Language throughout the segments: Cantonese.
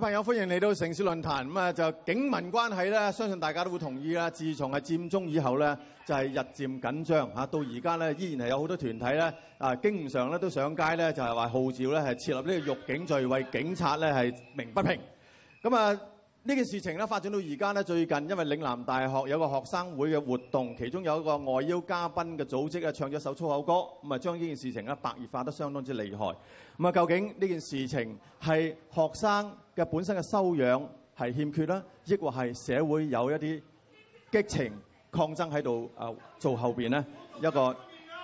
各位朋友，歡迎嚟到城市論壇。咁啊，就警民關係咧，相信大家都會同意啦。自從係佔中以後咧，就係日漸緊張嚇，到而家咧，依然係有好多團體咧啊，經常咧都上街咧，就係話號召咧係設立呢個辱警罪，為警察咧係鳴不平。咁啊～呢件事情咧發展到而家咧，最近因為嶺南大學有個學生會嘅活動，其中有一個外邀嘉賓嘅組織啊，唱咗一首粗口歌，咁啊將呢件事情咧白熱化得相當之厲害。咁啊，究竟呢件事情係學生嘅本身嘅修養係欠缺啦，抑或係社會有一啲激情抗爭喺度啊做後邊咧一個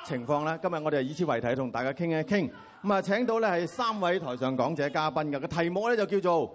情況咧？今日我哋以此為題，同大家傾一傾。咁啊，請到咧係三位台上講者嘉賓嘅，個題目咧就叫做，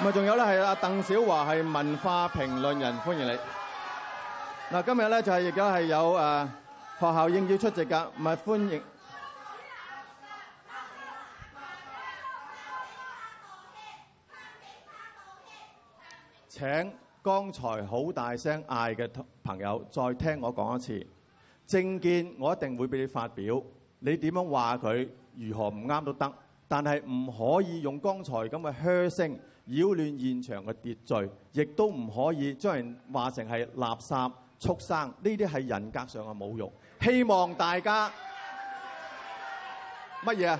咪仲有呢係阿鄧小樺係文化評論人，歡迎你。今日呢，就係而家係有誒學校應邀出席嘅，唔係歡迎。請剛才好大聲嗌嘅朋友再聽我講一次政見，我一定會俾你發表。你點樣話佢如何唔啱都得，但係唔可以用剛才咁嘅噓聲。擾亂現場嘅秩序，亦都唔可以將人話成係垃圾畜生，呢啲係人格上嘅侮辱。希望大家乜嘢？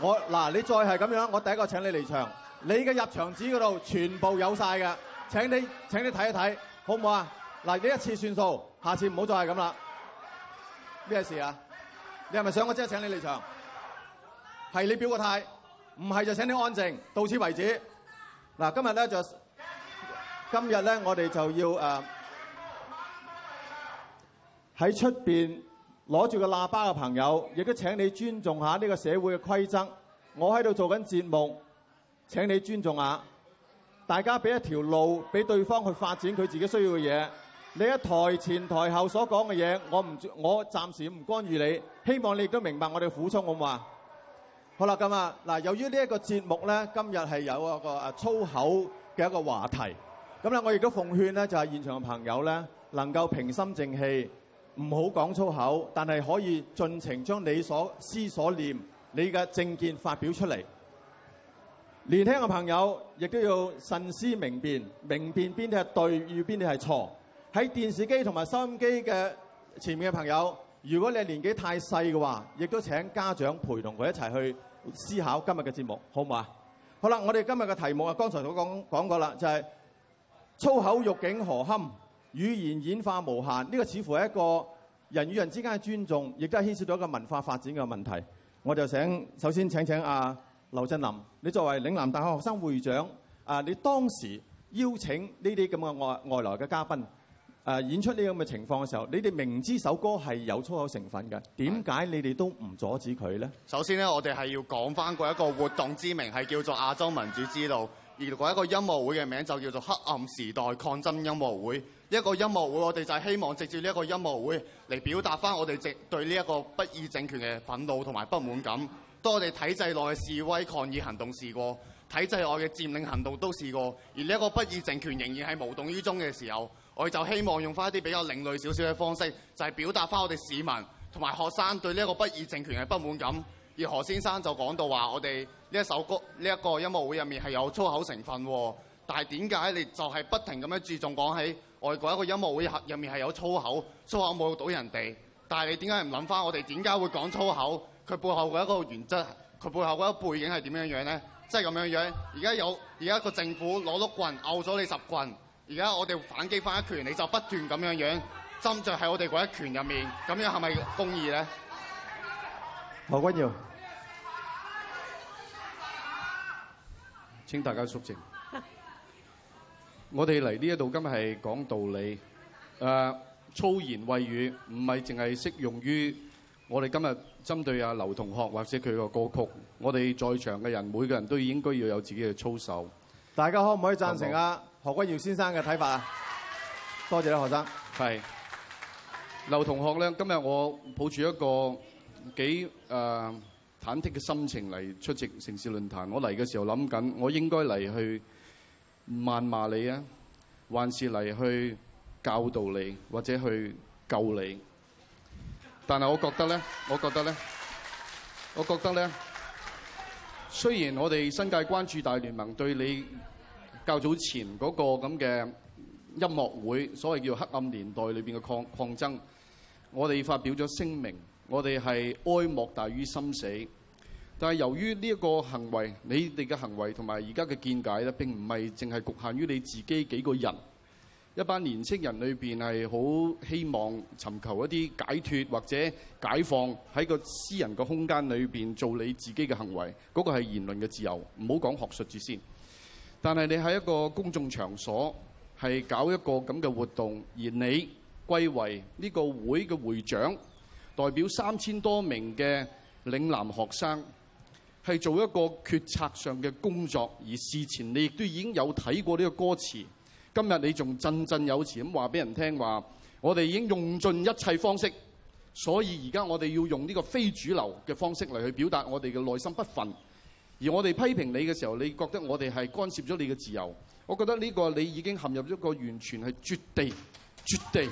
我嗱，你再係咁樣，我第一個請你離場。你嘅入場紙嗰度全部有晒嘅，請你請你睇一睇，好唔好啊？嗱，呢一次算數，下次唔好再係咁啦。咩事啊？你係咪想我即刻請你離場？係你表個態。唔係就請你安靜，到此為止。嗱，今日咧就今日咧，我哋就要誒喺出邊攞住個喇叭嘅朋友，亦都請你尊重下呢個社會嘅規則。我喺度做緊節目，請你尊重下大家，俾一條路俾對方去發展佢自己需要嘅嘢。你喺台前台後所講嘅嘢，我唔我暫時唔干預你。希望你亦都明白我哋苦衷，好唔好啊？好啦咁啊！嗱，由於呢一個節目咧，今日係有一個誒粗口嘅一個話題，咁咧我亦都奉勸咧，就係現場嘅朋友咧，能夠平心靜氣，唔好講粗口，但係可以盡情將你所思所念、你嘅政見發表出嚟。年輕嘅朋友亦都要慎思明辨，明辨邊啲係對，與邊啲係錯。喺電視機同埋收音機嘅前面嘅朋友，如果你年紀太細嘅話，亦都請家長陪同佢一齊去思考今日嘅節目，好唔好啊？好啦，我哋今日嘅題目啊，剛才都講，講過啦，就係、是、粗口辱警何堪，語言演化無限。呢、這個似乎係一個人與人之間嘅尊重，亦都係牽涉到一個文化發展嘅問題。我就想首先請請啊劉振琳，你作為嶺南大學學生會長啊，你當時邀請呢啲咁嘅外來外嘅嘉賓。誒、呃、演出呢咁嘅情況嘅時候，你哋明知首歌係有粗口成分嘅，點解你哋都唔阻止佢呢？首先呢，我哋係要講翻過一個活動之名係叫做《亞洲民主之路》，而嗰一個音樂會嘅名就叫做《黑暗時代抗爭音樂會》。一、呢個音樂會，我哋就係希望藉住呢一個音樂會嚟表達翻我哋政對呢一個不義政權嘅憤怒同埋不滿感。當我哋體制內嘅示威抗議行動試過，體制外嘅佔領行動都試過，而呢一個不義政權仍然係無動於衷嘅時候。我就希望用翻一啲比較另類少少嘅方式，就係表達翻我哋市民同埋學生對呢個不義政權嘅不滿感。而何先生就講到話，我哋呢一首歌、呢一個音樂會入面係有粗口成分喎。但係點解你就係不停咁樣注重講起外國一個音樂會入面係有粗口，粗口侮辱到人哋？但係你點解唔諗翻我哋點解會講粗口？佢背後嘅一個原則，佢背後嗰個背景係點樣樣呢？即係咁樣樣。而家有而家個政府攞碌棍拗咗你十棍。而家我哋反擊翻一拳，你就不斷咁樣樣，針着喺我哋嗰一拳入面，咁樣係咪公義咧？何君堯，請大家肅靜。我哋嚟呢一度今日係講道理，誒粗言穢語唔係淨係適用於我哋今日針對阿劉同學或者佢個歌曲。我哋在場嘅人每個人都應該要有自己嘅操守。大家可唔可以贊成啊？何君堯先生嘅睇法。多謝啦。學生。係，劉同學咧，今日我抱住一個幾誒忐忑嘅心情嚟出席城市論壇。我嚟嘅時候諗緊，我應該嚟去謾罵你啊，還是嚟去教導你，或者去救你？但係我覺得咧，我覺得咧，我覺得咧，雖然我哋新界關注大聯盟對你。較早前嗰個咁嘅音樂會，所謂叫黑暗年代裏面嘅抗抗爭，我哋發表咗聲明，我哋係哀莫大於心死。但由於呢一個行為，你哋嘅行為同埋而家嘅見解咧，並唔係淨係局限於你自己幾個人一班年青人裏面，係好希望尋求一啲解脫或者解放，喺個私人嘅空間裏面做你自己嘅行為，嗰個係言論嘅自由，唔好講學術住先。但係你喺一個公眾場所係搞一個咁嘅活動，而你歸為呢個會嘅會長，代表三千多名嘅嶺南學生係做一個決策上嘅工作，而事前你亦都已經有睇過呢個歌詞。今日你仲振振有詞咁話俾人聽話，我哋已經用盡一切方式，所以而家我哋要用呢個非主流嘅方式嚟去表達我哋嘅內心不忿。而我哋批評你嘅時候，你覺得我哋係干涉咗你嘅自由，我覺得呢個你已經陷入一個完全係絕地，絕地。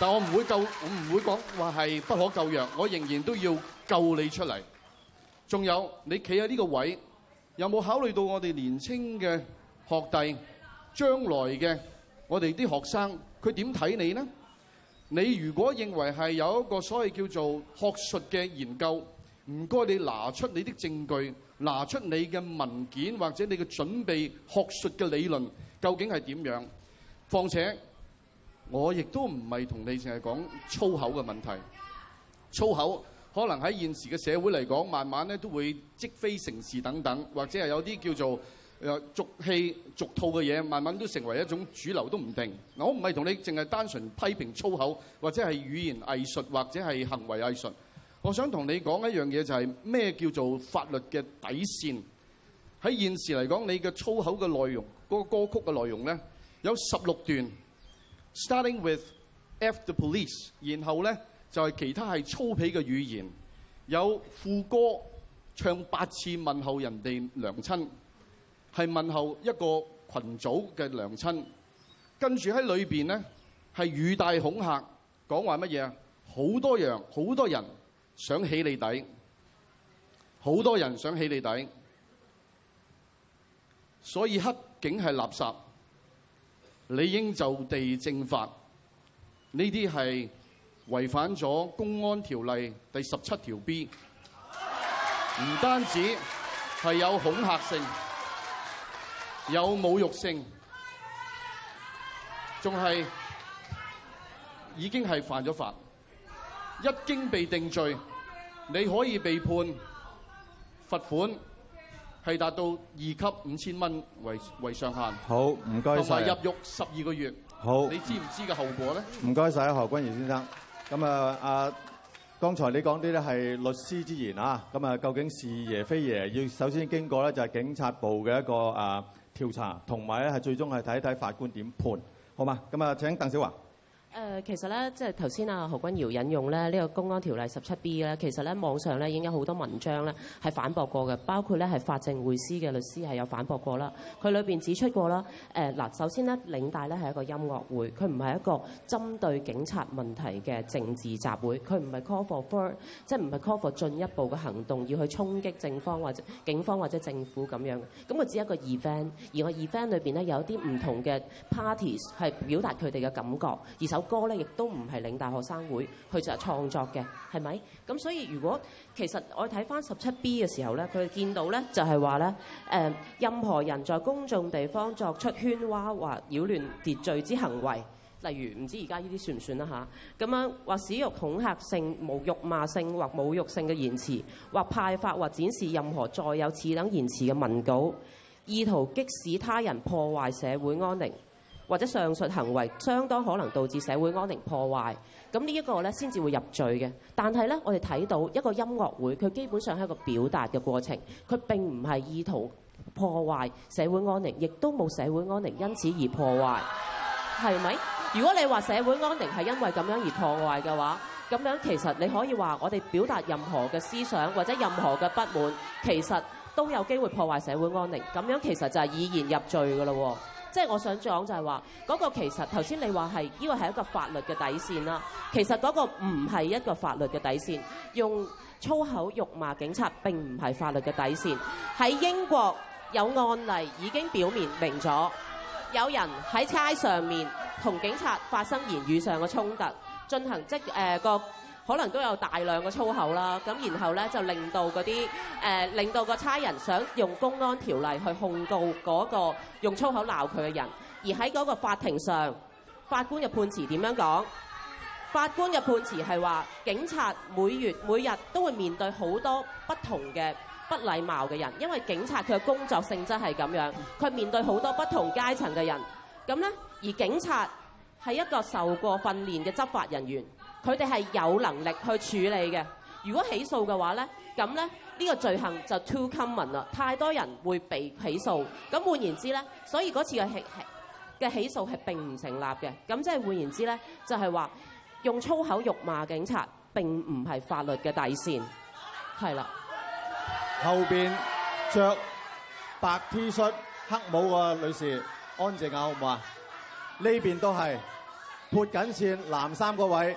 但我唔會救，我唔會講話係不可救藥，我仍然都要救你出嚟。仲有，你企喺呢個位，有冇考慮到我哋年輕嘅學弟，將來嘅我哋啲學生，佢點睇你呢？你如果認為係有一個所謂叫做學術嘅研究，唔該你拿出你的證據。拿出你嘅文件或者你嘅準備學術嘅理論，究竟係點樣？況且，我亦都唔係同你淨係講粗口嘅問題。粗口可能喺現時嘅社會嚟講，慢慢都會積非成是等等，或者係有啲叫做俗氣俗套嘅嘢，慢慢都成為一種主流都唔定。我唔係同你淨係單純批評粗口，或者係語言藝術，或者係行為藝術。我想同你講一樣嘢，就係咩叫做法律嘅底線。喺現時嚟講，你嘅粗口嘅內容，嗰個歌曲嘅內容咧，有十六段，starting with after police，然後咧就係其他係粗鄙嘅語言，有副歌唱八次問候人哋娘親，係問候一個群組嘅娘親。跟住喺裏邊咧係語帶恐吓，講話乜嘢啊？好多樣，好多人。想起你底，好多人想起你底，所以黑警係垃圾，理應就地正法。呢啲係違反咗公安條例第十七條 B，唔單止係有恐嚇性，有侮辱性，仲係已經係犯咗法。一經被定罪，你可以被判罰款，係達到二級五千蚊為為上限。好，唔該晒。同埋入獄十二個月。好，你知唔知嘅後果咧？唔該晒，何君賢先生。咁啊，阿剛才你講啲咧係律師之言啊。咁啊，究竟是爺非爺，要首先經過咧就係警察部嘅一個啊調查，同埋咧係最終係睇一睇法官點判，好嘛？咁啊，請鄧小樺。誒、呃、其實咧，即係頭先阿何君堯引用咧呢、這個公安條例十七 B 咧，其實咧網上咧已經有好多文章咧係反駁過嘅，包括咧係法政會師嘅律師係有反駁過啦。佢裏邊指出過啦，誒、呃、嗱，首先咧領帶咧係一個音樂會，佢唔係一個針對警察問題嘅政治集會，佢唔係 call for further，即係唔係 call for 進一步嘅行動要去衝擊政方或者警方或者政府咁樣。咁佢只係一個 event，而個 event 裏邊咧有啲唔同嘅 parties 係表達佢哋嘅感覺，而首歌咧亦都唔係嶺大學生會去就係創作嘅，係咪？咁所以如果其實我睇返十七 B 嘅時候咧，佢哋見到咧就係話咧誒，任何人在公眾地方作出喧譁或擾亂秩序之行為，例如唔知而家呢啲算唔算啦吓咁樣，或使用恐嚇性、侮辱罵性或侮辱性嘅言詞，或派發或展示任何再有此等言詞嘅文稿，意圖激使他人破壞社會安寧。或者上述行為相當可能導致社會安寧破壞，咁呢一個呢，先至會入罪嘅。但係呢，我哋睇到一個音樂會，佢基本上係一個表達嘅過程，佢並唔係意圖破壞社會安寧，亦都冇社會安寧因此而破壞，係咪？如果你話社會安寧係因為咁樣而破壞嘅話，咁樣其實你可以話我哋表達任何嘅思想或者任何嘅不滿，其實都有機會破壞社會安寧。咁樣其實就係以言入罪嘅嘞喎。即係我想講就係話，嗰個其實頭先你話係，呢個係一個法律嘅底線啦。其實嗰個唔係一個法律嘅底線，用粗口辱罵警察並唔係法律嘅底線。喺英國有案例已經表面明咗，有人喺街上面同警察發生言語上嘅衝突，進行即係，呃，個。可能都有大量嘅粗口啦，咁然後咧就令到嗰啲、呃、令到個差人想用公安條例去控告嗰個用粗口鬧佢嘅人，而喺嗰個法庭上，法官嘅判詞點樣講？法官嘅判詞係話，警察每月每日都會面對好多不同嘅不禮貌嘅人，因為警察佢嘅工作性質係咁樣，佢面對好多不同階層嘅人，咁咧而警察係一個受過訓練嘅執法人員。佢哋係有能力去處理嘅。如果起訴嘅話咧，咁咧呢個罪行就 too common 啦，太多人會被起訴。咁換言之咧，所以嗰次嘅起嘅起訴係並唔成立嘅。咁即係換言之咧，就係、是、話用粗口辱罵警察並唔係法律嘅底線，係啦。後面着白 T 恤黑帽個、啊、女士，安靜下好唔好啊？呢、嗯、邊都係撥緊線藍衫嗰位。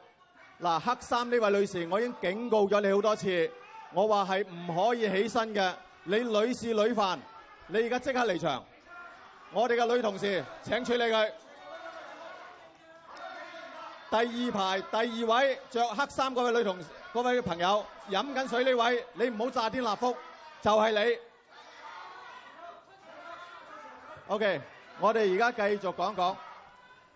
嗱，黑衫呢位女士，我已經警告咗你好多次，我話係唔可以起身嘅。你女士女犯，你而家即刻離場。我哋嘅女同事請處理佢。第二排第二位着黑衫嗰位女同事，嗰位朋友飲緊水呢位，你唔好詐癲納福，就係你。OK，我哋而家繼續講講。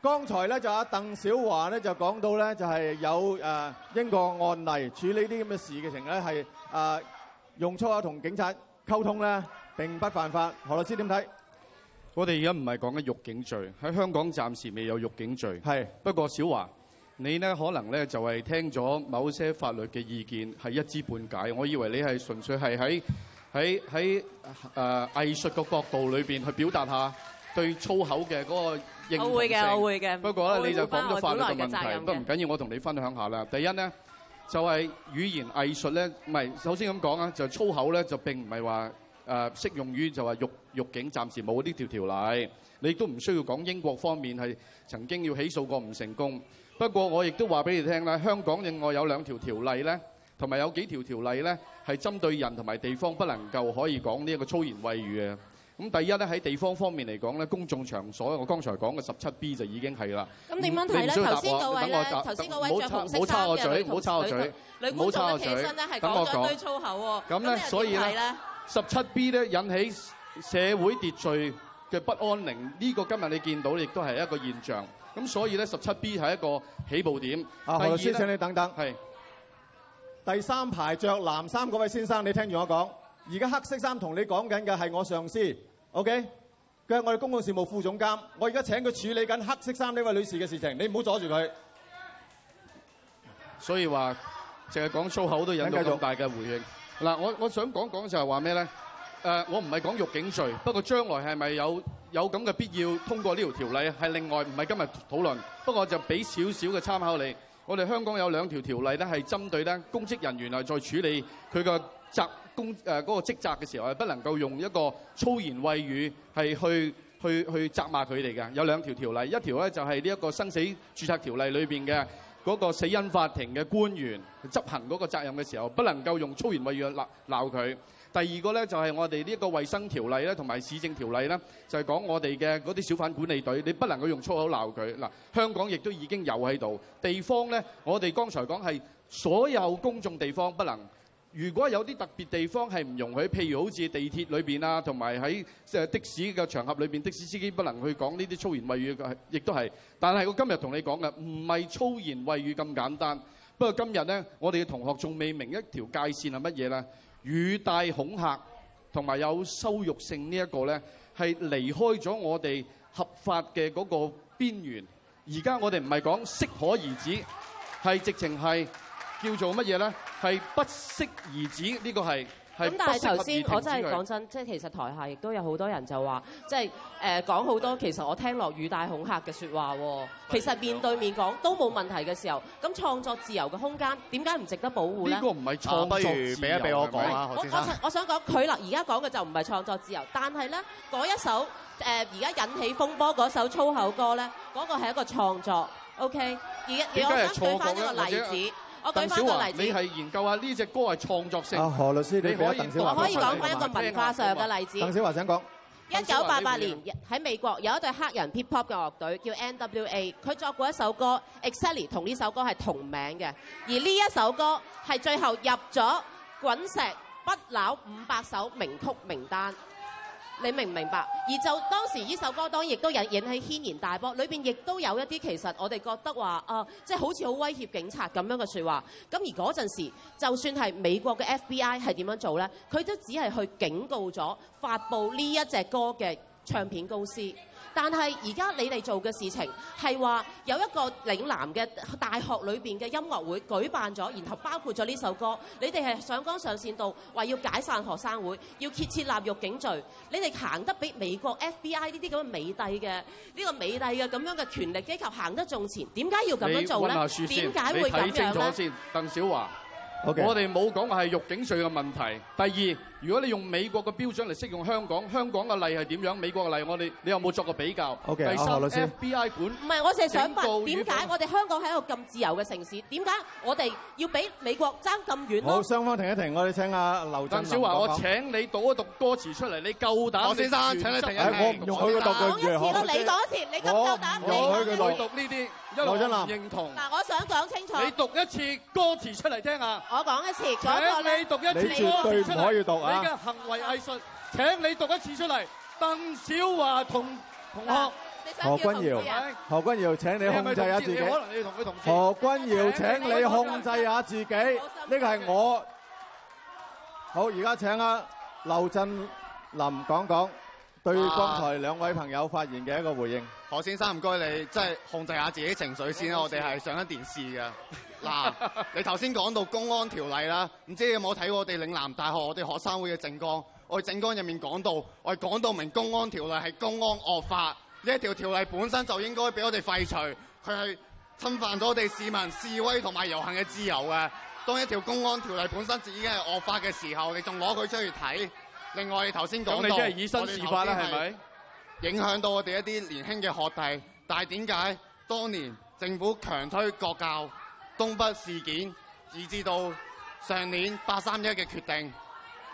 剛才咧就阿鄧小樺咧就講到咧就係有誒英國案例處理啲咁嘅事嘅情咧，係誒用粗口同警察溝通咧並不犯法，何律師點睇？我哋而家唔係講緊辱警罪，喺香港暫時未有辱警罪。係不過小樺，你呢可能咧就係聽咗某些法律嘅意見係一知半解，我以為你係純粹係喺喺喺誒藝術嘅角度裏邊去表達下對粗口嘅嗰個。我會嘅，我會嘅。不過咧，你就講咗法律嘅問題，不過唔緊要，我同你分享下啦。第一咧，就係語言藝術咧，唔係，首先咁講啊，就粗口咧，就並唔係話誒適用於就話辱辱警暫時冇呢條條例，你都唔需要講英國方面係曾經要起訴過唔成功。不過我亦都話俾你聽啦，香港另外有兩條條例咧，同埋有幾條條例咧，係針對人同埋地方不能夠可以講呢一個粗言穢語嘅。咁第一咧喺地方方面嚟講咧，公眾場所我剛才講嘅十七 B 就已經係啦。咁你問題咧頭先嗰位咧，頭先嗰位著紅色衫嘅同志，唔好插我嘴，唔好插我嘴。你估錯起身咧係講咗一堆粗口喎。咁咧，所以咧，十七 B 咧引起社會秩序嘅不安寧，呢個今日你見到亦都係一個現象。咁所以咧，十七 B 係一個起步點。啊，何先生，你等等。係。第三排著藍衫嗰位先生，你聽住我講。而家黑色衫同你講緊嘅係我上司，OK？佢係我哋公共事務副總監。我而家請佢處理緊黑色衫呢位女士嘅事情，你唔好阻住佢。所以話，淨係講粗口都引到咁大嘅回應。嗱，我我想講講就係話咩咧？誒，我唔係講辱警罪，不過將來係咪有有咁嘅必要通過呢條條例，係另外唔係今日討論。不過就俾少少嘅參考你。我哋香港有兩條條例咧，係針對咧公職人員嚟，再處理佢嘅責。公誒嗰個職責嘅時候係不能夠用一個粗言穢語係去去去責罵佢哋嘅。有兩條條例，一條咧就係呢一個生死註冊條例裏邊嘅嗰個死因法庭嘅官員執行嗰個責任嘅時候，不能夠用粗言穢語鬧鬧佢。第二個咧就係我哋呢一個衞生條例咧，同埋市政條例咧，就係講我哋嘅嗰啲小販管理隊，你不能夠用粗口鬧佢。嗱，香港亦都已經有喺度地方咧，我哋剛才講係所有公眾地方不能。如果有啲特別的地方係唔容許，譬如好似地鐵裏邊啊，同埋喺即係的士嘅場合裏邊，的士司機不能去講呢啲粗言穢語嘅。亦都係。但係我今日同你講嘅，唔係粗言穢語咁簡單。不過今日呢，我哋嘅同學仲未明一條界線係乜嘢咧？語帶恐嚇同埋有，有羞辱性呢一個咧，係離開咗我哋合法嘅嗰個邊緣。而家我哋唔係講適可而止，係直情係。叫做乜嘢咧？係不適而止，呢個係係咁。但係頭先，我真係講真，即係其實台下亦都有好多人就話，即係誒講好多，其實我聽落雨大恐嚇嘅説話喎。其實面對面講都冇問題嘅時候，咁創作自由嘅空間點解唔值得保護咧？呢個唔係創作自由，不如俾我講，唔係咪？我我，我想講佢啦，而家講嘅就唔係創作自由，但係咧嗰一首誒而家引起風波嗰首粗口歌咧，嗰個係一個創作。OK，而而我想舉翻一個例子。我舉翻個例子，你係研究下呢隻歌係創作性。啊何律師，你講完，我可以講翻一個文化上嘅例子。鄧小樺、啊、鄧小樺，講鄧小樺想講。一九八八年喺美國有一對黑人 hip hop 嘅樂隊叫 N.W.A，佢作過一首歌《Excuse》同呢首歌係同名嘅，而呢一首歌係最後入咗《滾石不朽五百首名曲》名單。你明唔明白？而就當時呢首歌當然亦都引引起軒然大波，裏邊亦都有一啲其實我哋覺得話啊，即、呃、係、就是、好似好威脅警察咁樣嘅説話。咁而嗰陣時，就算係美國嘅 FBI 係點樣做咧，佢都只係去警告咗發佈呢一隻歌嘅唱片公司。但係而家你哋做嘅事情係話有一個嶺南嘅大學裏邊嘅音樂會舉辦咗，然後包括咗呢首歌，你哋係上綱上線度話要解散學生會，要揭設立辱警罪，你哋行得比美國 FBI 呢啲咁嘅美帝嘅呢、這個美帝嘅咁樣嘅權力機構行得仲前，點解要咁樣做咧？你換下説先聞聞，你睇清楚先，鄧小樺，okay. 我哋冇講係辱警罪嘅問題。第二。如果你用美國嘅標準嚟適用香港，香港嘅例係點樣？美國嘅例，我哋你有冇作過比較？O K，好，阿羅先。F B I 管。唔係，我淨係想問，點解我哋香港喺一個咁自由嘅城市，點解我哋要俾美國爭咁遠咯？好，雙方停一停，我哋請阿劉振琳講講。鄧小樺，我請你讀一讀歌詞出嚟，你夠膽？黃先生，請你停一停。我唔用佢嘅道具。講一次咯，你講一次，你夠唔夠膽？你講一次。我我唔去讀呢啲，我唔認同。嗱，我想講清楚。你讀一次歌詞出嚟聽下。我講一次，講過啦。你住對台要讀啊？呢嘅行為藝術，請你讀一次出嚟。鄧小樺同同學何君堯，何君堯請你控制下自己。何君堯請你控制下自己。呢個係我。好，而家請啊劉振琳講講對剛才兩位朋友發言嘅一個回應。何先生唔該你，即係控制下自己情緒先啦。我哋係上緊電視㗎。嗱， 你頭先講到公安條例啦，唔知你有冇睇過我哋嶺南大學我哋學生會嘅政綱？我哋政綱入面講到，我哋講到明公安條例係公安惡法，呢一條條例本身就應該俾我哋廢除，佢係侵犯咗我哋市民示威同埋遊行嘅自由嘅。當一條公安條例本身就已經係惡法嘅時候，你仲攞佢出去睇？另外，你頭先講到，即係以身試法，係咪影響到我哋一啲年輕嘅學弟，但係點解當年政府強推國教？東北事件，以至到上年八三一嘅決定，呢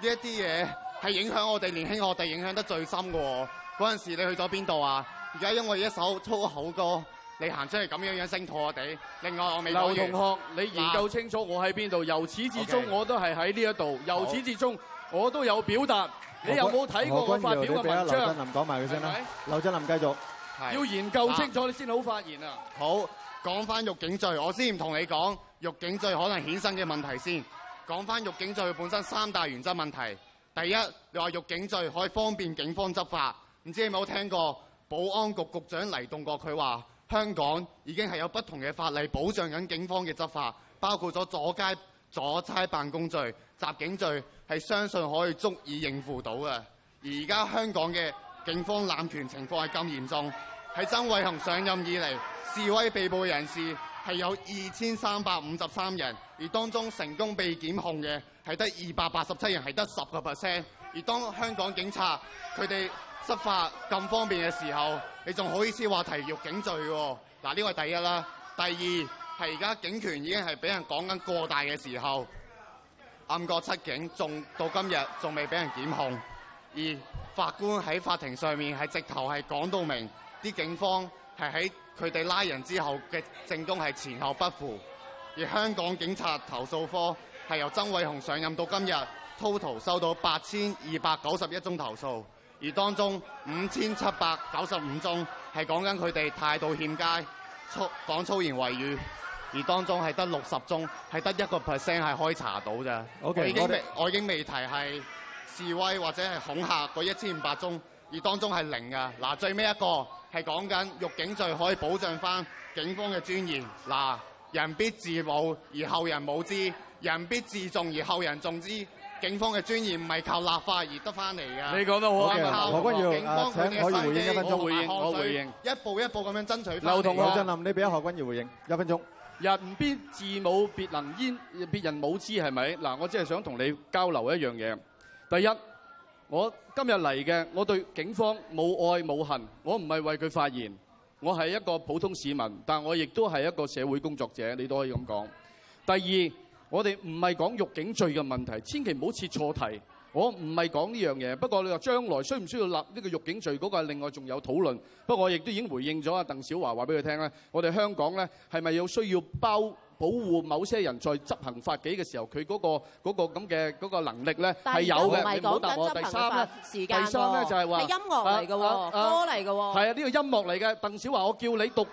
一啲嘢係影響我哋年輕學弟影響得最深喎、哦。嗰陣時你去咗邊度啊？而家因為一首粗口歌，你行出嚟咁樣樣聲討我哋。另外，我未夠嘅。劉同學，你研究清楚我喺邊度？由始至終我都係喺呢一度，okay. 由始至終我都有表達。你有冇睇過我發表嘅文章？劉振林講埋佢先啦。劉振林繼續。要研究清楚你先好發言啊！好。講翻辱警罪，我先唔同你講辱警罪可能衍生嘅問題先。講翻辱警罪本身三大原則問題。第一，你話辱警罪可以方便警方執法，唔知道你有冇聽過保安局局長黎棟國佢話香港已經係有不同嘅法例保障緊警方嘅執法，包括咗阻街阻差辦公罪、襲警罪，係相信可以足以應付到嘅。而家香港嘅警方濫權情況係咁嚴重。喺曾偉雄上任以嚟，示威被捕的人士係有二千三百五十三人，而當中成功被檢控嘅係得二百八十七人，係得十個 percent。而當香港警察佢哋執法咁方便嘅時候，你仲好意思話提辱警罪喎、哦？嗱、啊，呢個第一啦。第二係而家警權已經係俾人講緊過大嘅時候，暗角七警，仲到今日仲未俾人檢控，而法官喺法庭上面係直頭係講到明。啲警方係喺佢哋拉人之後嘅證供係前後不符，而香港警察投訴科係由曾偉雄上任到今日，total 收到八千二百九十一宗投訴，而當中五千七百九十五宗係講緊佢哋態度欠佳，粗講粗言穢語，而當中係得六十宗，係得一個 percent 係可以查到咋。我已經未，我已經未提係示威或者係恐嚇嗰一千五百宗，而當中係零㗎。嗱，最尾一個。係講緊辱警罪可以保障翻警方嘅尊嚴。嗱，人必自侮而後人侮之，人必自重而後人重之。警方嘅尊嚴唔係靠立法而得翻嚟嘅。你講得好嘅，何君堯啊，可以回應一分鐘回應，我回應。一步一步咁樣爭取。劉同學，你俾何君堯回應一分鐘。人必自侮，別能焉，別人侮之係咪？嗱，我即係想同你交流一樣嘢。第一。我今日嚟嘅，我對警方冇愛冇恨，我唔係為佢發言，我係一個普通市民，但我亦都係一個社會工作者，你都可以咁講。第二，我哋唔係講辱警罪嘅問題，千祈唔好設錯題。我唔係講呢樣嘢，不過你話將來需唔需要立呢個辱警罪嗰個，另外仲有討論。不過我亦都已經回應咗阿鄧小樺話俾佢聽呢，我哋香港呢係咪有需要包？保護某些人在執行法紀嘅時候，佢嗰個嗰個咁嘅嗰個能力咧係有嘅。你唔好答我。第三咧，第三咧就係話係音樂嚟嘅喎，歌嚟嘅喎。係啊，呢個音樂嚟嘅。鄧小樺，我叫你讀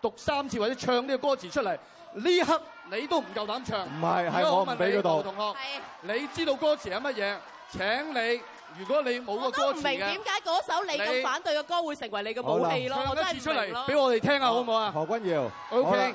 讀三次或者唱呢個歌詞出嚟。呢刻你都唔夠膽唱。唔係，係我唔俾佢讀。同學，你知道歌詞係乜嘢？請你，如果你冇個歌詞嚟嘅，我都唔明點解嗰首你咁反對嘅歌會成為你嘅武器咯。我唱一次出嚟，俾我哋聽下好唔好啊？何君堯，OK。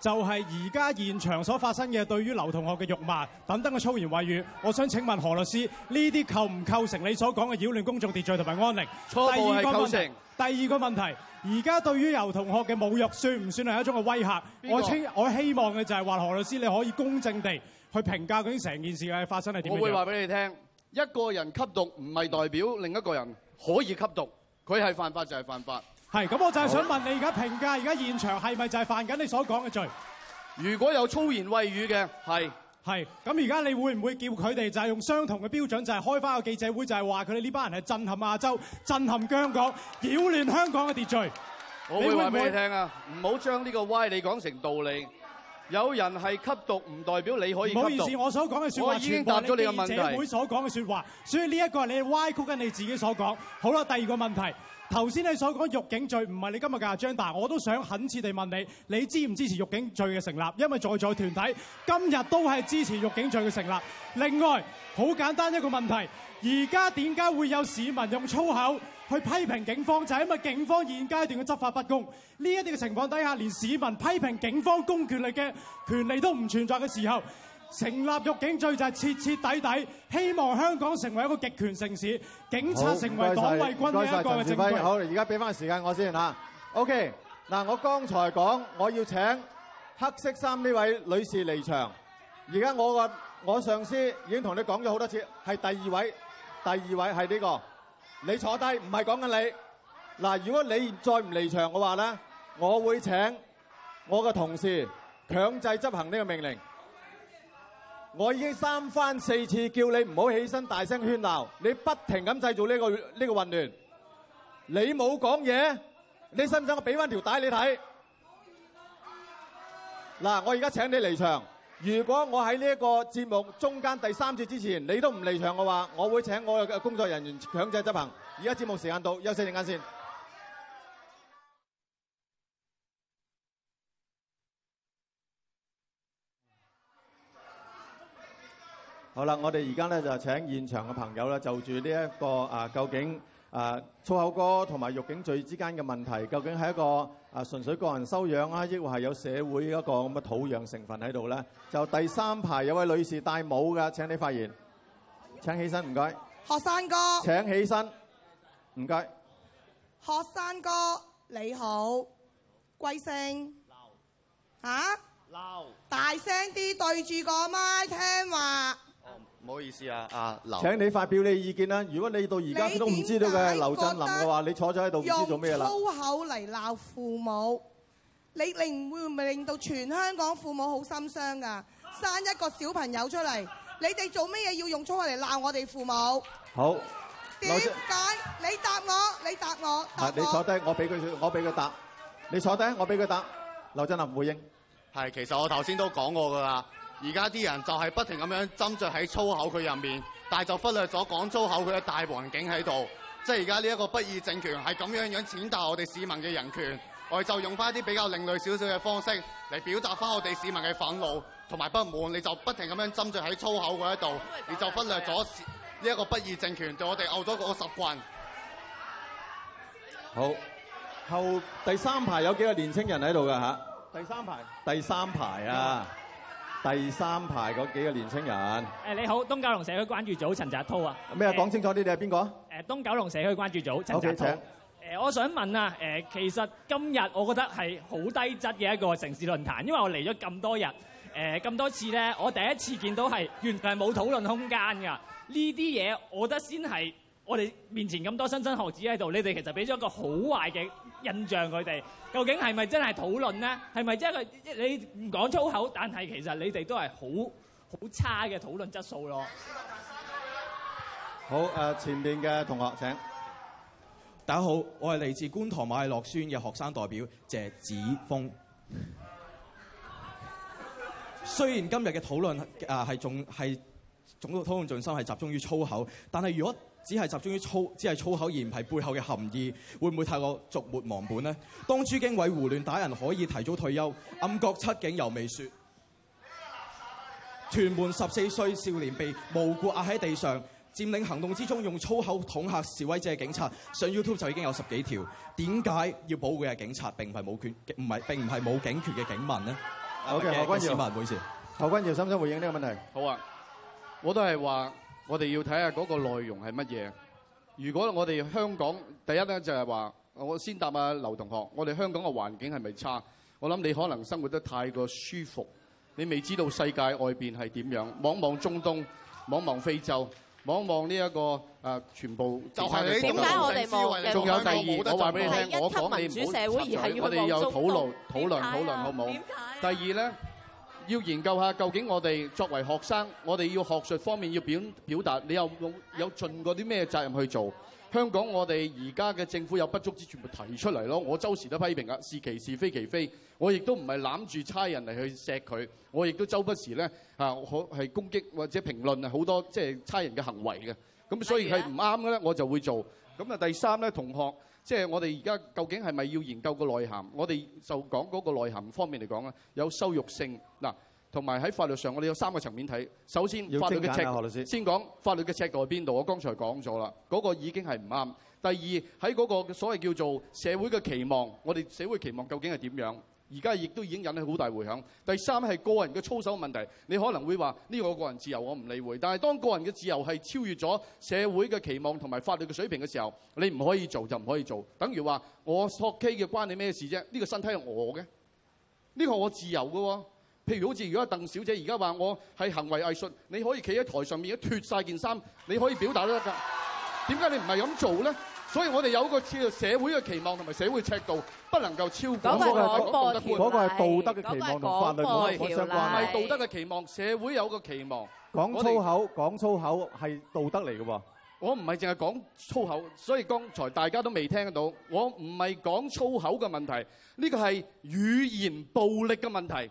就係而家現場所發生嘅對於劉同學嘅辱罵、等等嘅粗言穢語，我想請問何律師呢啲構唔構成你所講嘅擾亂公眾秩序同埋安寧？初步構成。第二個問題，而家對於劉同學嘅侮辱算唔算係一種嘅威嚇？我希我希望嘅就係話何律師你可以公正地去評價嗰啲成件事嘅發生係點樣。我會話俾你聽，一個人吸毒唔係代表另一個人可以吸毒，佢係犯法就係犯法。係，咁我就係想問你而家評價，而家現場係咪就係犯緊你所講嘅罪？如果有粗言穢語嘅，係係，咁而家你會唔會叫佢哋就係用相同嘅標準，就係開翻個記者會，就係話佢哋呢班人係震撼亞洲、震撼香港、擾亂香港嘅秩序？我會你會話俾你聽啊，唔好將呢個歪理講成道理。有人係吸毒，唔代表你可以吸毒。唔好意思，我所講嘅說話已經答咗你嘅問題。會所講嘅說話，所以呢一個係你歪曲緊你自己所講。好啦，第二個問題，頭先你所講辱警罪唔係你今日嘅張大，我都想懇切地問你，你支唔支持辱警罪嘅成立？因為在座團體今日都係支持辱警罪嘅成立。另外，好簡單一個問題，而家點解會有市民用粗口？去批評警方就係因為警方現階段嘅執法不公，呢一啲嘅情況底下，連市民批評警方公權力嘅權利都唔存在嘅時候，成立辱警罪就係徹徹底底希望香港成為一個極權城市，警察成為黨衛軍嘅一個嘅證據。好，而家俾翻時間我先嚇。OK，嗱，我剛才講我要請黑色衫呢位女士離場。而家我我上司已經同你講咗好多次，係第二位，第二位係呢個。你坐低，唔係講緊你。嗱，如果你再唔離場嘅話咧，我會請我嘅同事強制執行呢個命令。我已經三番四次叫你唔好起身，大聲喧鬧，你不停咁製造呢個呢個混亂。你冇講嘢，你信唔信？我俾翻條帶你睇。嗱，我而家請你離場。如果我喺呢個節目中間第三次之前，你都唔離場嘅話，我會請我嘅工作人員強制執行。而家節目時間到，休息陣間先。好啦，我哋而家呢，就請現場嘅朋友咧就住呢一個啊，究竟。誒、啊、粗口歌同埋辱警罪之間嘅問題，究竟係一個誒、啊、純粹個人修養啊，抑或係有社會一個咁嘅土壤成分喺度咧？就第三排有位女士戴帽㗎，請你發言。請起身，唔該。學生哥。請起身，唔該。學生哥你好，貴姓？劉。嚇？劉。大聲啲，對住個咪聽話。唔好意思啊，阿、啊、劉，請你發表你嘅意見啦。如果你到而家都唔知道嘅劉振琳嘅話，你坐咗喺度唔知做咩啦。粗口嚟鬧父母，你令會唔會令到全香港父母好心傷噶？生一個小朋友出嚟，你哋做咩嘢要用粗口嚟鬧我哋父母？好。點解？你答我，你答我，答我。係你坐低，我俾佢，我俾佢答。你坐低，我俾佢答。劉振琳回應：係，其實我頭先都講過噶啦。而家啲人就係不停咁樣斟酌喺粗口佢入面，但係就忽略咗講粗口佢嘅大環境喺度。即係而家呢一個不義政權係咁樣樣踐踏我哋市民嘅人權，我哋就用翻一啲比較另類少少嘅方式嚟表達翻我哋市民嘅憤怒同埋不滿。你就不停咁樣斟酌喺粗口嗰一度，你就忽略咗呢一個不義政權對我哋嘔咗嗰個習慣。好，後第三排有幾個年輕人喺度㗎吓？第三排。第三排啊！第三排嗰幾個年青人、啊，誒你好，東九龍社區關注組陳澤濤啊，咩講清楚啲、啊？你係邊個啊？誒東九龍社區關注組陳澤濤，誒、okay, 啊、我想問啊，誒、啊、其實今日我覺得係好低質嘅一個城市論壇，因為我嚟咗咁多日，誒、啊、咁多次咧，我第一次見到係完全係冇討論空間㗎，呢啲嘢我覺得先係。我哋面前咁多莘莘學子喺度，你哋其實俾咗一個好壞嘅印象佢哋。究竟係咪真係討論呢？係咪真係你唔講粗口，但係其實你哋都係好好差嘅討論質素咯。好誒、呃，前面嘅同學請。大家好，我係嚟自觀塘馬戲樂園嘅學生代表謝子峰。 雖然今日嘅討論啊係、呃、仲係總討論重心係集中於粗口，但係如果只係集中於粗，只係粗口而唔係背後嘅含義，會唔會太過逐末忘本呢？當朱經緯胡亂打人可以提早退休，暗角七警又未説。屯門十四歲少年被無故壓喺地上，佔領行動之中用粗口捅嚇示威者嘅警察，上 YouTube 就已經有十幾條。點解要保護嘅警察，並唔係冇權，唔係並唔係冇警權嘅警民呢？好，okay，何君堯，唔好意思。何君堯，想唔想回應呢個問題？好啊，我都係話。我哋要睇下嗰個內容係乜嘢。如果我哋香港第一咧，就係話，我先答啊劉同學，我哋香港嘅環境係咪差？我諗你可能生活得太過舒服，你未知道世界外邊係點樣。望望中東，望望非洲，望望呢一個啊，全部就係你點解我哋冇？仲有第二，我話俾你聽，我講你唔好插嘴。我哋有討論討論討論好唔好？第二咧。要研究下究竟我哋作為學生，我哋要學術方面要表表達，你有有盡過啲咩責任去做？香港我哋而家嘅政府有不足之處，咪提出嚟咯。我周時都批評啊，是其是非其非。我亦都唔係攬住差人嚟去錫佢，我亦都周不時咧吓，可、啊、係攻擊或者評論啊好多即係差人嘅行為嘅。咁所以係唔啱嘅咧，我就會做。咁啊，第三咧同學。即係我哋而家究竟係咪要研究個內涵？我哋就講嗰個內涵方面嚟講啊，有羞辱性嗱，同埋喺法律上，我哋有三個層面睇。首先，法律嘅尺度，先講法律嘅尺度喺邊度？我剛才講咗啦，嗰個已經係唔啱。第二，喺嗰個所謂叫做社會嘅期望，我哋社會期望究竟係點樣？而家亦都已經引起好大迴響。第三係個人嘅操守問題，你可能會話呢個個人自由，我唔理會。但係當個人嘅自由係超越咗社會嘅期望同埋法律嘅水平嘅時候，你唔可以做就唔可以做。等於話我學 K 嘅關你咩事啫？呢個身體係我嘅，呢個我自由嘅喎。譬如好似如果鄧小姐而家話我係行為藝術，你可以企喺台上面一脫晒件衫，你可以表達都得㗎。點解你唔係咁做咧？所以我哋有一個社會嘅期望同埋社會的尺度不能夠超過。咁咪過橋？嗰、那個係道德嘅期望，同、那個那個那個、法律嘅期望。唔、那、係、個那個、道德嘅期，期望，社會有個期望。講粗口，講粗口係道德嚟嘅喎。我唔係淨係講粗口，所以剛才大家都未聽得到。我唔係講粗口嘅問題，呢、這個係語言暴力嘅問題。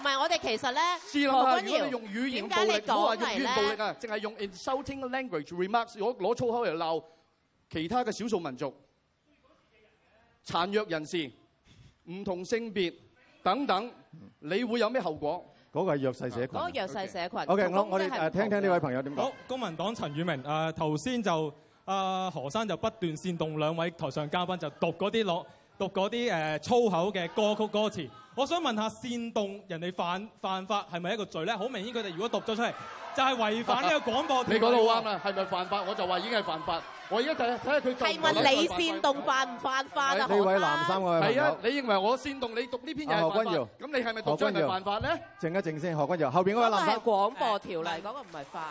唔係，我哋其實咧，如果你用語言暴力，唔好話語言暴力啊，淨係用 insulting language remarks，攞攞粗口嚟鬧其他嘅少數民族、殘弱人士、唔同性別等等，你會有咩後果？嗰個係弱勢社群，嗰個弱勢社群。OK，我我哋誒聽聽呢位朋友點講。好，公民黨陳宇明誒頭先就阿何生就不斷煽動兩位台上嘉賓就讀嗰啲落。讀嗰啲誒粗口嘅歌曲歌詞，我想問下煽動人哋犯犯法係咪一個罪咧？好明顯佢哋如果讀咗出嚟，就係違反呢個廣播。你講得好啱啦，係咪犯法我就話已經係犯法。我而家睇睇下佢讀。係問你煽動犯唔犯法啊？呢位男生我係。係啊，你認為我煽動你讀呢篇嘢犯唔犯法？咁你係咪讀咗人犯法咧？靜一靜先，何君堯，後邊嗰位男生。嗰個係廣播條例，嗰個唔係法。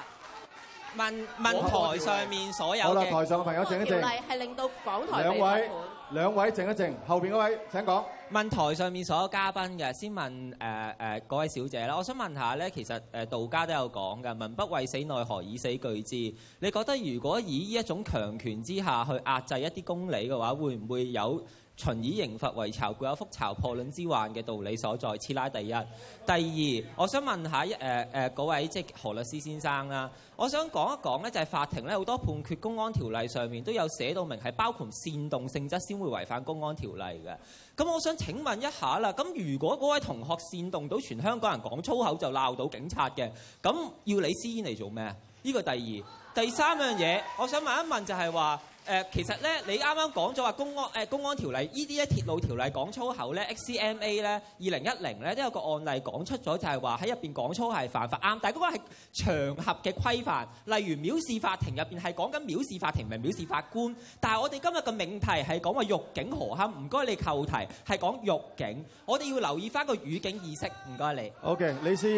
問問台上面所有嘅。條例係令到港台被封。兩位。兩位靜一靜，後面嗰位請講。問台上面所有嘉賓嘅，先問誒誒、呃呃、嗰位小姐啦。我想問一下咧，其實、呃、道家都有講嘅，民不畏死，奈何以死懼之？你覺得如果以呢一種強權之下去壓制一啲公理嘅話，會唔會有？循以刑罰為巢，故有覆巢破卵之患嘅道理所在。次拉第一。第二，我想問一下一誒誒嗰位即、就是、何律師先生啦，我想講一講咧，就係法庭咧好多判決公安條例上面都有寫到明，係包括煽動性質先會違反公安條例嘅。咁我想請問一下啦，咁如果嗰位同學煽動到全香港人講粗口就鬧到警察嘅，咁要你師兄嚟做咩？呢、這個第二。第三樣嘢，我想問一問就係話。誒、呃，其實咧，你啱啱講咗話公安誒、呃、公安條例呢啲咧鐵路條例講粗口咧，X C M A 咧二零一零咧都有個案例講出咗，就係話喺入邊講粗係犯法啱，但係嗰個係場合嘅規範，例如藐視法庭入邊係講緊藐視法庭，唔係藐視法官。但係我哋今日嘅命題係講話辱警何堪，唔該你扣題係講辱警，我哋要留意翻個語境意識。唔該你。OK，李思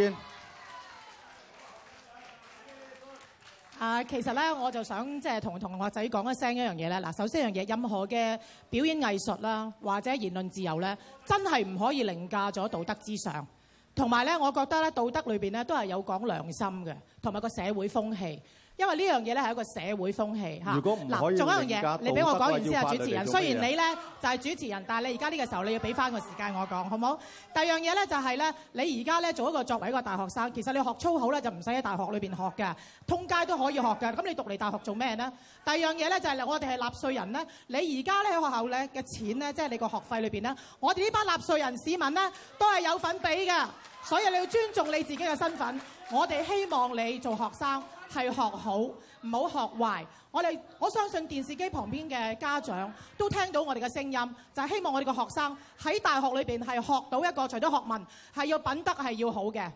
啊，其實呢，我就想即係同同學仔講一聲一樣嘢咧。嗱，首先一樣嘢，任何嘅表演藝術啦、啊，或者言論自由咧，真係唔可以凌駕咗道德之上。同埋咧，我覺得咧，道德裏邊咧都係有講良心嘅，同埋個社會風氣。因為呢樣嘢咧係一個社會風氣嚇，嗱，仲有一樣嘢，你俾我講完先啊，主持人。雖然你呢就係主持人，但係你而家呢個時候你要俾返個時間我講，好唔好？第二樣嘢呢就係呢，你而家呢做一個作為一個大學生，其實你學粗口呢就唔使喺大學裏面學㗎，通街都可以學㗎。咁你讀嚟大學做咩呢？第二樣嘢呢就係我哋係納稅人呢，你而家呢喺學校呢嘅錢呢，即係你個學費裏面呢，我哋呢班納稅人市民呢，都係有份俾㗎。所以你要尊重你自己嘅身份。我哋希望你做學生。係學好，唔好學壞。我哋我相信電視機旁邊嘅家長都聽到我哋嘅聲音，就係希望我哋嘅學生喺大學裏邊係學到一個除咗學問，係要品德係要好嘅。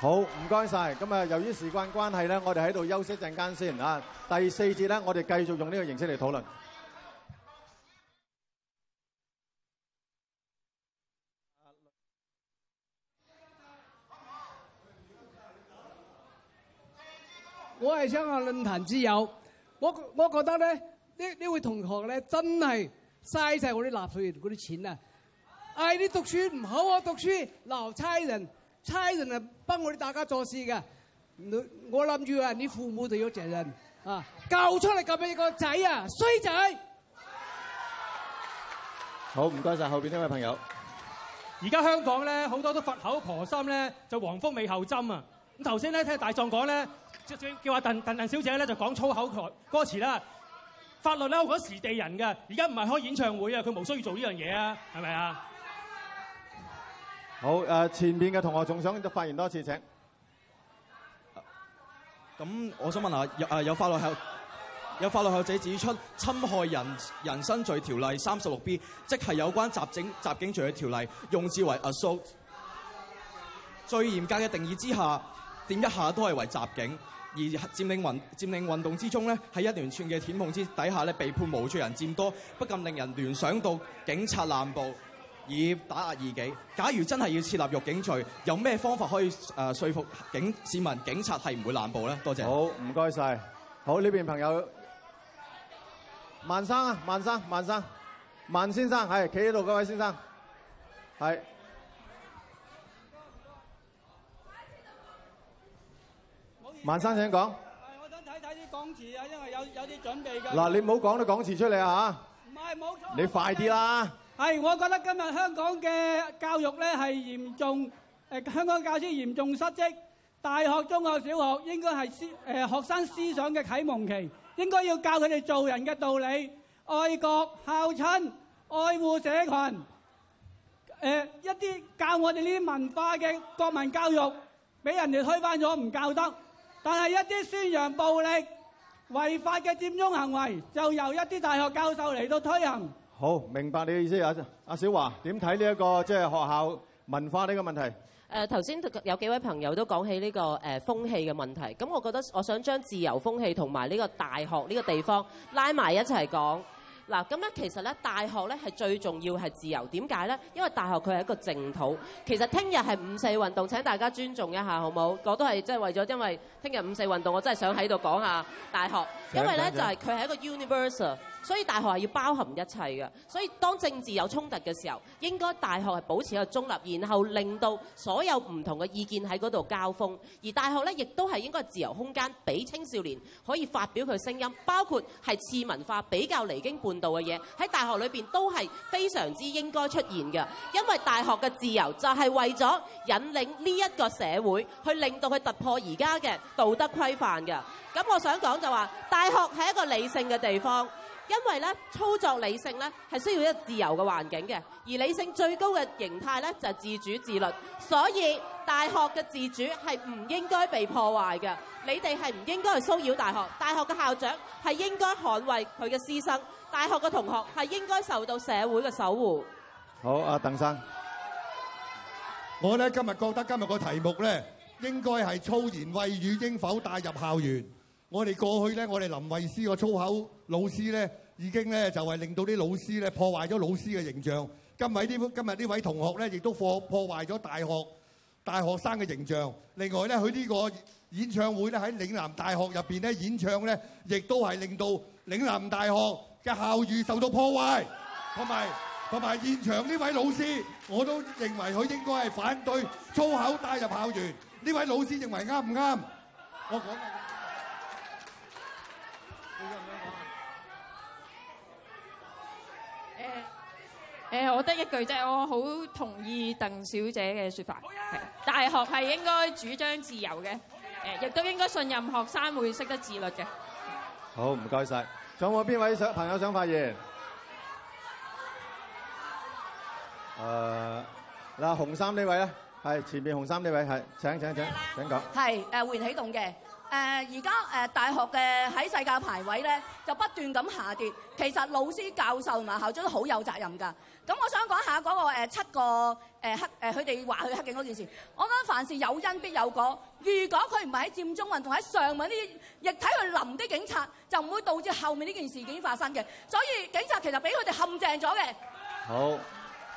好，唔該晒。咁啊，由於時間關係咧，我哋喺度休息陣間先啊。第四節咧，我哋繼續用呢個形式嚟討論。我係想下論壇之友，我我覺得咧呢呢位同學咧真係嘥晒我啲納稅人嗰啲錢啊！嗌你讀書唔好啊，讀書鬧差人，差人啊幫我哋大家做事㗎。我諗住啊，你父母就有責任啊，教出嚟教畀你個仔啊衰仔！好，唔該晒，後邊呢位朋友。而家香港咧好多都佛口婆心咧，就黃蜂尾後針啊！咁頭先咧聽大狀講咧。叫阿鄧鄧鄧小姐咧就講粗口台歌，歌詞啦！法律咧我覺得是地人嘅，而家唔係開演唱會啊，佢無需要做呢樣嘢啊，係咪啊？好誒、呃，前面嘅同學仲想發言多次，請。咁、啊、我想問下，有誒有法律學有法律學者指出，侵害人人身罪條例三十六 B，即係有關襲警襲警罪嘅條例，用字為 assault，最嚴格嘅定義之下，點一下都係為襲警。而佔領運佔領運動之中咧，喺一連串嘅檢控之底下咧，被判無罪人佔多，不禁令人聯想到警察濫捕以打壓異己。假如真係要設立辱警罪，有咩方法可以誒説服警市民警察係唔會濫捕咧？多謝。好，唔該晒。好呢邊朋友，萬生啊，萬生，萬生，萬先生係，企喺度嗰位先生係。萬生請講。係，我想睇睇啲講詞啊，因為有有啲準備㗎。嗱，你唔好講啲講詞出嚟啊！唔係，冇錯。你快啲啦！係，我覺得今日香港嘅教育咧係嚴重，誒香港教師嚴重失職。大學、中學、小學應該係思誒學生思想嘅啟蒙期，應該要教佢哋做人嘅道理，愛國、孝親、愛護社群。誒，一啲教我哋呢啲文化嘅國民教育，俾人哋推翻咗，唔教得。但係一啲宣揚暴力違法嘅佔中行為，就由一啲大學教授嚟到推行。好，明白你嘅意思啊，阿小樺點睇呢一個即係學校文化呢個問題？誒，頭先有幾位朋友都講起呢個誒風氣嘅問題，咁我覺得我想將自由風氣同埋呢個大學呢個地方拉埋一齊講。嗱，咁呢，其實呢大學呢係最重要係自由，點解呢？因為大學佢係一個淨土。其實聽日係五四運動，請大家尊重一下，好冇？我都係即係為咗，因為聽日五四運動，我真係想喺度講下大學，因為呢就係佢係一個 universal。所以大學係要包含一切嘅，所以當政治有衝突嘅時候，應該大學係保持一個中立，然後令到所有唔同嘅意見喺嗰度交鋒。而大學呢，亦都係應該自由空間，俾青少年可以發表佢聲音，包括係次文化比較離經叛道嘅嘢。喺大學裏面都係非常之應該出現嘅，因為大學嘅自由就係為咗引領呢一個社會去令到佢突破而家嘅道德規範嘅。咁我想講就話，大學係一個理性嘅地方。因為咧，操作理性咧，係需要一個自由嘅環境嘅，而理性最高嘅形態咧，就係自主自律。所以大學嘅自主係唔應該被破壞嘅，你哋係唔應該去騷擾大學。大學嘅校長係應該捍衛佢嘅師生，大學嘅同學係應該受到社會嘅守護。好，阿鄧生，我咧今日覺得今日個題目咧，應該係粗言穢語應否帶入校園。我哋過去呢，我哋林慧思個粗口老師呢，已經呢就係令到啲老師呢破壞咗老師嘅形象。今日呢，今日呢位同學呢，亦都破破壞咗大學大學生嘅形象。另外呢，佢呢個演唱會呢喺嶺南大學入邊呢演唱呢，亦都係令到嶺南大學嘅校譽受到破壞。同埋同埋現場呢位老師，我都認為佢應該係反對粗口帶入校園。呢位老師認為啱唔啱？我講。誒、誒，我得一句啫，我好同意鄧小姐嘅說法，係大學係應該主張自由嘅，誒，亦都應該信任學生會識得自律嘅。好，唔該晒，仲有冇邊位想朋友想發言？誒，嗱，紅衫呢位咧，係前面紅衫呢位係，請請請，請講。係誒，會員起動嘅。誒而家誒大學嘅喺世界排位咧就不斷咁下跌，其實老師、教授同埋校長都好有責任㗎。咁我想講下嗰、那個、呃、七個誒黑誒佢哋話佢黑警嗰件事。我覺得凡事有因必有果。如果佢唔係喺佔中運動喺上邊啲液體去淋啲警察，就唔會導致後面呢件事件發生嘅。所以警察其實俾佢哋陷阱咗嘅。好。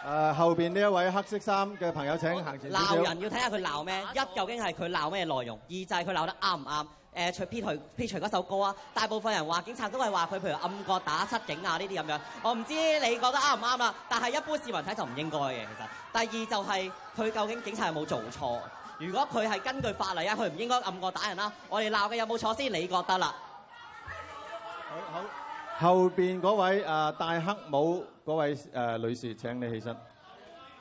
誒、呃、後邊呢一位黑色衫嘅朋友請行前，鬧人要睇下佢鬧咩，一究竟係佢鬧咩內容，二就係佢鬧得啱唔啱。誒除撇除撇除嗰首歌啊，大部分人話警察都係話佢譬如暗角打七警啊呢啲咁樣，我唔知你覺得啱唔啱啊？但係一般市民睇就唔應該嘅，其實。第二就係佢究竟警察有冇做錯？如果佢係根據法例啊，佢唔應該暗角打人啦。我哋鬧嘅有冇錯先？你覺得啦。好，好。後邊嗰位誒戴黑帽嗰位誒女士，請你起身。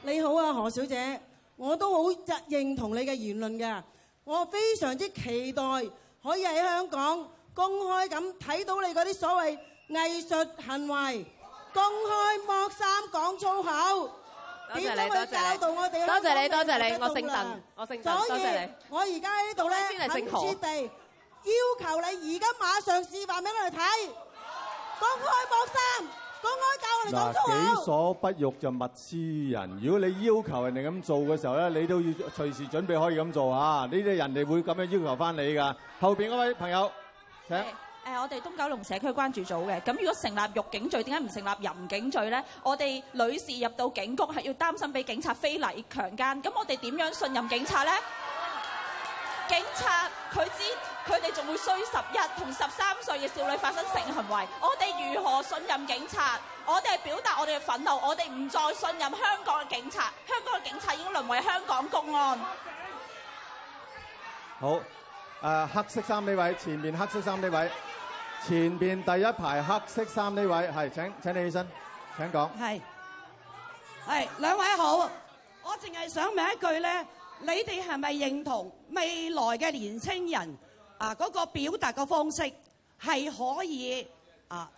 你好啊，何小姐，我都好認同你嘅言論嘅。我非常之期待可以喺香港公開咁睇到你嗰啲所謂藝術行為，公開剝衫講粗口，點樣教導我哋？多謝你！多謝你！我姓鄧！所以，我而家喺呢度咧，敏銳地要求你，而家馬上示範俾我哋睇。公開放心，公開教我哋講粗口。嗱，己所不欲就勿施於人。如果你要求人哋咁做嘅時候咧，你都要隨時準備可以咁做啊！呢啲人哋會咁樣要求翻你噶。後邊嗰位朋友，請誒，我哋東九龍社區關注組嘅。咁如果成立辱警罪，點解唔成立淫警罪咧？我哋女士入到警局係要擔心俾警察非禮強姦，咁我哋點樣信任警察咧？警察佢知佢哋仲會衰十一同十三歲嘅少女發生性行為，我哋如何信任警察？我哋係表達我哋嘅憤怒，我哋唔再信任香港嘅警察。香港嘅警察已經淪為香港公安。好，誒黑色衫呢位，前面黑色衫呢位，前面第一排黑色衫呢位係請，請你起身請講。係係兩位好，我淨係想問一句咧。你哋係咪認同未來嘅年青人啊嗰個表達嘅方式係可以啊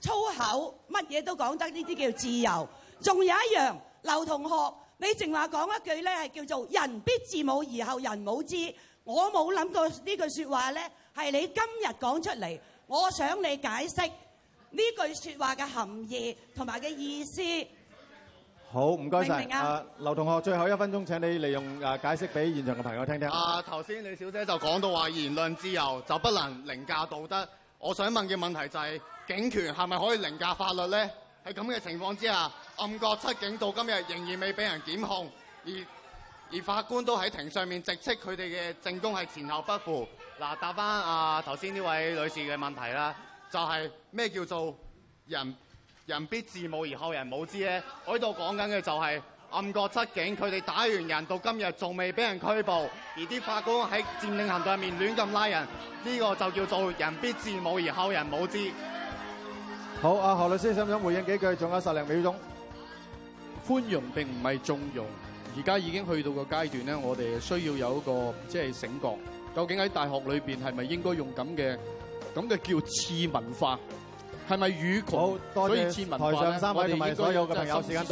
粗口乜嘢都講得呢啲叫自由？仲有一樣，劉同學，你淨話講一句呢係叫做人必自侮，而後人侮之。我冇諗過呢句説話呢係你今日講出嚟。我想你解釋呢句説話嘅含義同埋嘅意思。好，唔該晒。誒、啊，劉同學，最後一分鐘請你利用誒解釋俾現場嘅朋友聽聽。啊，頭先、啊、李小姐就講到話言論自由就不能凌駕道德。我想問嘅問題就係、是、警權係咪可以凌駕法律咧？喺咁嘅情況之下，暗角七警到今日仍然未俾人檢控，而而法官都喺庭上面直斥佢哋嘅證供係前後不符。嗱、啊，回答翻啊頭先呢位女士嘅問題啦，就係、是、咩叫做人？人必自侮而後人侮之咧，我喺度講緊嘅就係暗角七警，佢哋打完人到今日仲未俾人拘捕，而啲法官喺佔領行動面亂咁拉人，呢、這個就叫做人必自侮而後人侮之。好啊，何律師想唔想回應幾句？仲有十零秒鐘，寬容並唔係縱容，而家已經去到個階段咧，我哋需要有一個即係、就是、醒覺，究竟喺大學裏邊係咪應該用咁嘅咁嘅叫次文化？係咪雨狂？多謝台上三位同埋所有的朋友時間。